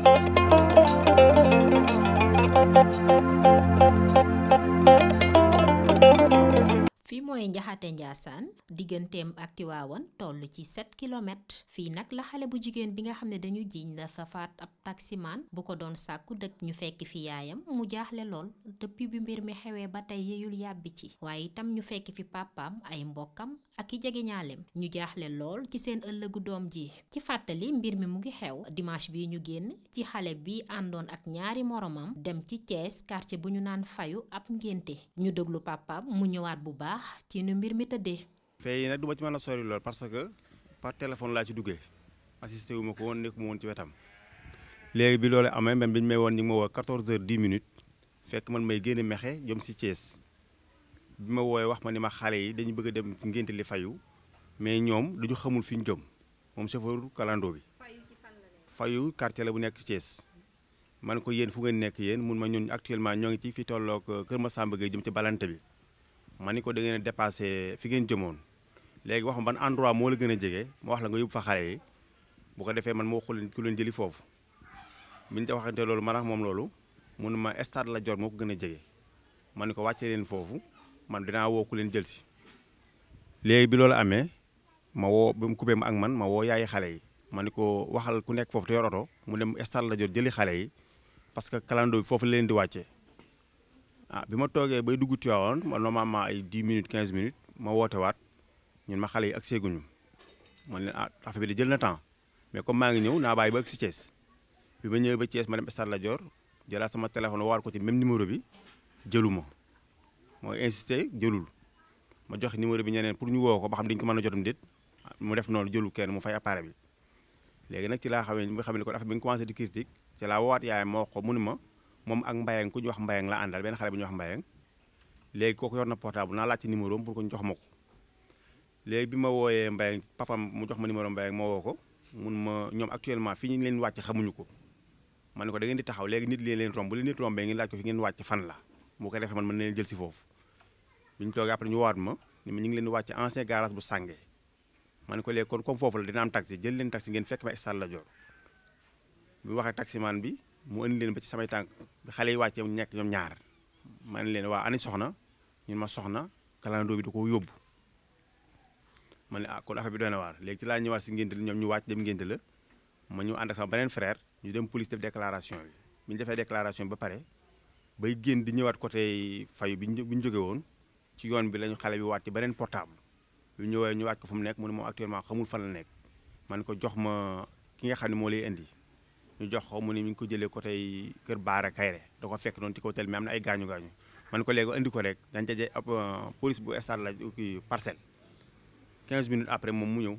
Thank you. fi moy njaxate njaasaan digganteem ak tiwaawan tollu ci 7 km fi nak la xale bu jigen bi nga xamne dañu jiñ na fa faat ab man bu ko doon sakku dekk ñu fekk fi yaayam mu jaaxle lol depuis bi mbir mi xewé ba tay yeyul yàbbi ci waye tam ñu fekk fi papam ay mbokam ak i ñalem ñu jaaxle lol ci seen ëllëgu doom ji ci fatali mbir mi mu ngi xew dimanche bi ñu genn ci xale bi andon ak ñaari moromam dem ci Thiès quartier bu ñu naan fayu ab ngenté ñu deglu papam mu ñëwaat bu baax baax ci nu mbir mi tëddee. fay nag du ma ci mën a sori lool parce que par téléphone laa ci duggee assisté wu ma ko woon nekkuma woon ci wetam. léegi bi loolu amee même bi ñu may woon ñu ngi ma woo 14 heures 10 minutes fekk man may génne mexe jom si Thiès bi ma woowee wax ma ni ma xale yi dañu bëgg a dem ci ngénte li fayu mais ñoom duñu xamul fi ñu jëm moom chauffeur kalando bi. fayu quartier la bu nekk Thiès. man ko yéen fu ngeen nekk yéen mun ma ñun actuellement ñoo ngi ci fi tolloog euh, Kër Masamba Gueye jëm ci balante bi man ni ko da ngeen dépassé fi ngeen jëmoon léegi wax ma ban endroit moo la gën a jege ma wax la nga yóbbu fa xale yi bu ko defee man ma waxu leen ku leen jëli foofu bi ñu te loolu man ak moom loolu mun ma stade la jot moo ko gën a jege ma ni ko wàccee leen foofu man dinaa woo ku leen jël si léegi bi loolu amee ma woo ba mu kubee ma ak man ma woo yaay xale yi man ni ko waxal ku nekk foofu te yor oto mu dem stade la jot jëli xale yi parce que calando bi foofu leen di wàccee ah bima ma toogee bay dugg Tivaouane man normalement ay 10 minutes 15 minutes ma woote wat, ñun ma xale yi ak seeguñu man leen ah affaire bi de jël na temps mais comme maa ngi ñëw naa bàyyi ba ak si Thiès bi ma ba Thiès ma dem Stade la Dior jëlaat sama téléphone waar ko ci même numéro bi jëlu ma mooy insisté jëlul ma joxe numéro bi ñeneen pour ñu woo ko ba xam dañu ko mën a jotam mu def non jëlu kenn mu fay appareil bi léegi nag ci la xamee nga xam ne kon affaire bi nga commencé di critique ci laa woowaat yaayam ma wax ko moom ak mbayang ku ñu wax mbayang la àndal benn xale bu ñu wax mbayang léegi kooku yor na portable naa laajte numéro am pour ko ñu jox ma ko léegi bi ma wooyee mbayang papam mu jox ma numéro mbayang ma woo ko mun ma ñoom actuellement fii ñu leen wàcc xamuñu ko man ne ko da ngeen di taxaw léegi nit li leen romb bu leen nit rombee ngeen laaj ko fi ngeen wàcc fan la mu koy defee man mën na jël si foofu bi ñu toogee après ñu woowaat ma ni ma ñu ngi leen di wàcc ancien garage bu sàngee ma ne ko léegi kon comme foofu la dina am taxi jël leen taxi ngeen fekk ma stade Lat mu waxee taximan bi mu indi leen ba ci samay tànk bi xale yi wàccee mu nekk ñoom ñaar ma ne leen waa ani soxna ñun ma soxna kalandoo bi du ko yóbbu ma ne ah kon affaire bi doy na waar léegi ci laa ñëwaat si ngénte la ñoom ñu wàcc dem ngénte la ma ñu ànd ak sama beneen ñu dem police def déclaration bi bi ñu defee déclaration bi ba pare bay génn di ñëwaat côté fayu bi ñu bi ñu jóge woon ci yoon bi lañu xale bi waat ci beneen portable lu ñëwee ñu waaj ko fu mu nekk mu ne moom actuellement xamul fan la nekk man ko jox ma ki nga xam ne moo lay indi ñu jox ko mu ne mi ko jëlee côté Kër Baara Kayre da ko fekk noonu ci kaw tel mi am na ay gaañu gaañu man ko léegi andi ko rek dañ daje ab euh, police bu stade la kii parcelle quinze minutes après moom mu ñëw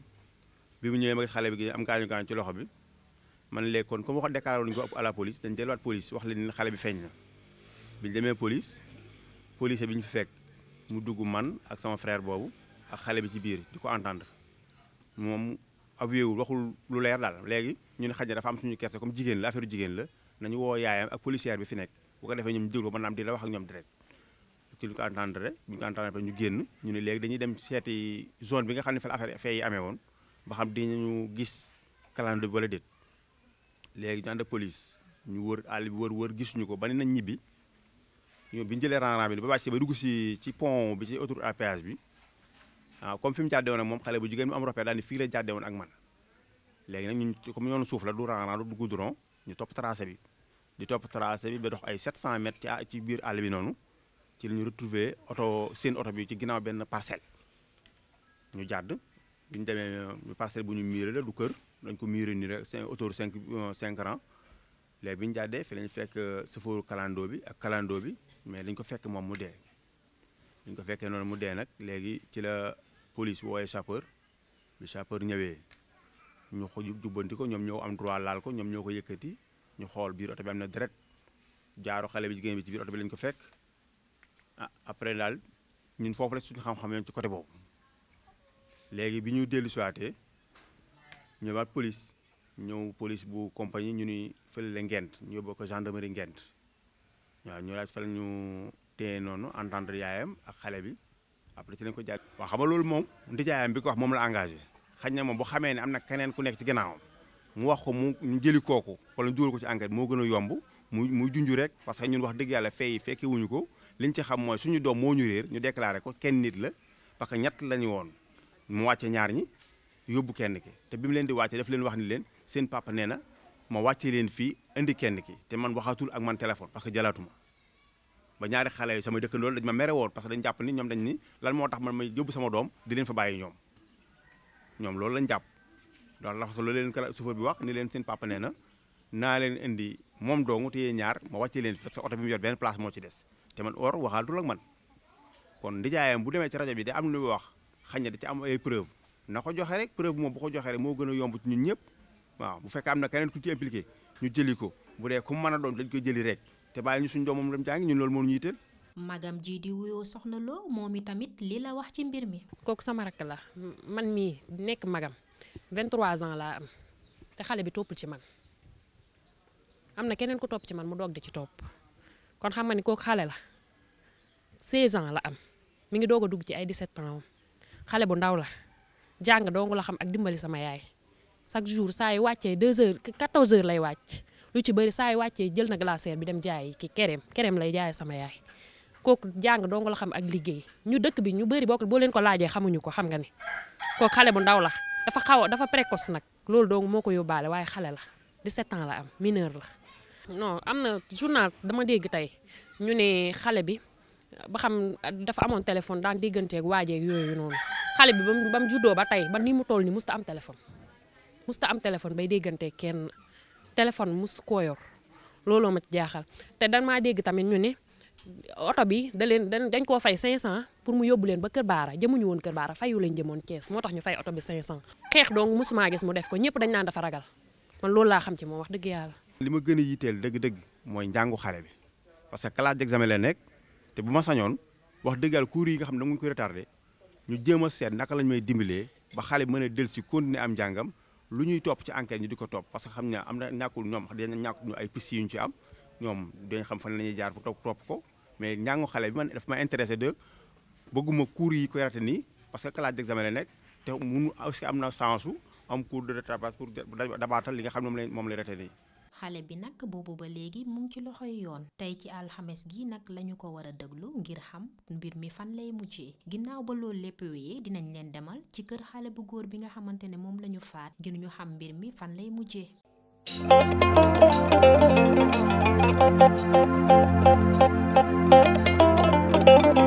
bi mu ñëwee ma xale bi am gaañu gaañu ci loxo bi man lekkoon kon comme wax déclaré woon ko à la police dañ delluwaat police wax leen xale bi feeñ na biñ demee police police bi ñu fi fekk mu dugg man ak sama frère boobu ak xale bi ci biir di ko entendre avouéwul waxul lu leer daal léegi ñu ne xaj na dafa am suñu kersa comme jigéen la affaire jigéen la nañu woo yaayam ak policière bi fi nekk bu ko defee ñoom déglu ba mën naam di la wax ak ñoom direct ci ñu ko entendre ñu génn ñu ne léegi dañuy dem seeti zone bi nga xam ne fa la affaire fee yi amee woon ba xam dinañu gis calendrier bi wala déet léegi ñu ànd ak police ñu wër àll bi wër wër gisuñu ko ba ne nañ ñibbi ñoom bi ñu jëlee rang-rang bi ba wàccee ba dugg si ci pont bi ci autoroute à bi Ah, comme fim mu jàddee woon ak moom xale bu jigéen mu am ropee dal ni fi la jàddee won ak man légui nak ñun comme yoonu suuf la du ranran du goudron ñu top tracé bi di top tracé bi ba dox ay 700 mètres ci ci biir àll bi nonu ci la ñu retrouvé oto seen auto bi ci ginnaaw ben parcelle ñu jadd bi ñu euh, parcelle bu ñu miiré la du kër dañ ko miiré nii rek autour 5 5 rang léegi bi ñu fi lañ fekk euh, ce sëfooru kalandoo bi ak kalandoo bi mais dañ ko fekk mom mu dé dañ ko fekkee noonu mu dé nak légui ci la police wooyee sapeur bi sapeur ñëwee ñu jubbanti ko ñoom ñoo am droit laal ko ñoom ñoo ko yëkkati ñu xool biir oto bi am na deret jaaru xale bi jigéen bi ci biir oto bi lañ ko fekk ah après daal ñun foofu la suñu xam-xam yam ci côté boobu léegi bi ñu dellu ñëwaat police ñëw police bu compagnie ñu ni fële la ngent ñu yóbboo ko gendarmerie ngent waaw ñu laaj fële ñu téye noonu entendre yaayam ak xale bi après ci lañ ko jaay. waaw xam loolu moom ndijaayam bi ko wax moom la engagé xañ na moom bu xamee ne am na keneen ku nekk ci ginnaawam mu wax ko mu jëli kooku wala ñu dugal ko ci enquête moo gën a yomb mu muy junj rek parce que ñun wax dëgg yàlla fay fekke wuñu ko liñ ci xam mooy suñu doom moo ñu réer ñu déclaré ko kenn nit la parce que ñett lañu woon mu wàcce ñaar ñi yóbbu kenn ki te bi mu leen di wàcce daf leen wax ni leen seen papa nee na ma wàcce leen fii indi kenn ki te man waxatul ak man téléphone parce que jalaatuma ba ñaari xale yi sama dëkkandool dañ ma mere woon parce que dañ jàpp ni ñoom dañ ni lan moo tax man may yóbbu sama doom di leen fa bàyyi ñoom ñoom loolu lañ jàpp donc la façon loolu leen kala chauffeur bi wax ni leen seen papa nee na naa leen indi moom doo doomu te yee ñaar ma wàccee leen parce que oto bi mu yor benn place moo ci des te man or du ak man kon ndijaayam bu demee ci rajo bi de am lu muy wax xañ na da ci am ay preuve na ko joxe rek preuve moom bu ko joxe moo gën a yomb ñun ñëpp waaw bu fekkee am na keneen ku ci impliqué ñu jëli ko bu dee ku mën a dañ koy jëli rek te bàyyi ñu suñ doomam dem jàngi ñun loolu moo ñu yitteel magam jii di wuyoo soxna loo moom itamit lii la wax ci mbir mi. kook sama rakk la man mii nekk magam 23 ans laa am te xale bi toppul ci man am na keneen ku topp ci man mu doog di ci topp kon xam nga ni kooku xale la 16 ans la am mu ngi doog a dugg ci ay 17 ans xale bu ndaw la jàng dong la xam ak dimbali sama yaay chaque jour saa yu wàccee 2 heures 14 heures lay wàcc lu ci bëri saa wàccee jël na bi dem jaay ki kereem kereem lay jaay sama yaay kooku jàng dong la xam ak liggéey ñu dëkk bi ñu bëri boo boo leen ko laajee xamuñu ko xam nga ni kooku xale bu ndaw la dafa xaw dafa précoce nag loolu doogu moo ko yóbbaale waaye xale la di ans la am mineur la. no am na journal dama dégg tey ñu ne xale bi ba xam dafa amoon téléphone daan digganteeg waajeeg yooyu noonu xale bi ba mu juddoo ba tey ba ni mu toll ni musta am téléphone am téléphone bay dégganteeg kenn. téléphone mosu koo yor looloo ma ci jaaxal te dan maa dégg tamit ñu ne oto bi da leen dañ koo fay 500 pour mu yóbbu leen ba Kër Baara jëmuñu woon Kër Baara fayu leen jëmoon Thiès moo tax ñu fay oto bi 500. xeex donc mosumaa gis mu def ko ñëpp dañ naan dafa ragal man loolu laa xam ci moom wax dëgg yàlla. li ma gën a yiteel dëgg-dëgg mooy njàngu xale bi parce que classe d'examen la nekk te bu ma sañoon wax dëgg yàlla cours yi nga xam ne da nga koy retardé ñu jéem a seet naka lañ may dimbalee ba xale bi mën a dellu si continuer am njàngam lu ñuy topp ci enquête ñu di ko topp parce que xam ne am na ñàkkul ñoom dina ñàkk ay piste ci am ñoom dañ xam fan la ñuy jaar bu topp topp ko mais njàngu xale bi man daf ma intéressé de bëgguma cours koy rate nii parce que classe d'examen la nekk te munu aussi am na chance am cours de rattrapage pour dabaatal li nga xam ne moom lay moom lay rate nii xale bi nag boobu ba léegi mu ci loxoy yoon tey ci alxemes gi nag lañu ko war a déglu ngir xam mbir mi fan lay mujjee ginnaaw ba loolu lépp wéyee dinañ leen demal ci kër xale bu góor bi nga xamante ne moom lañu faat ngir ñu xam mbir mi fan lay mujjee.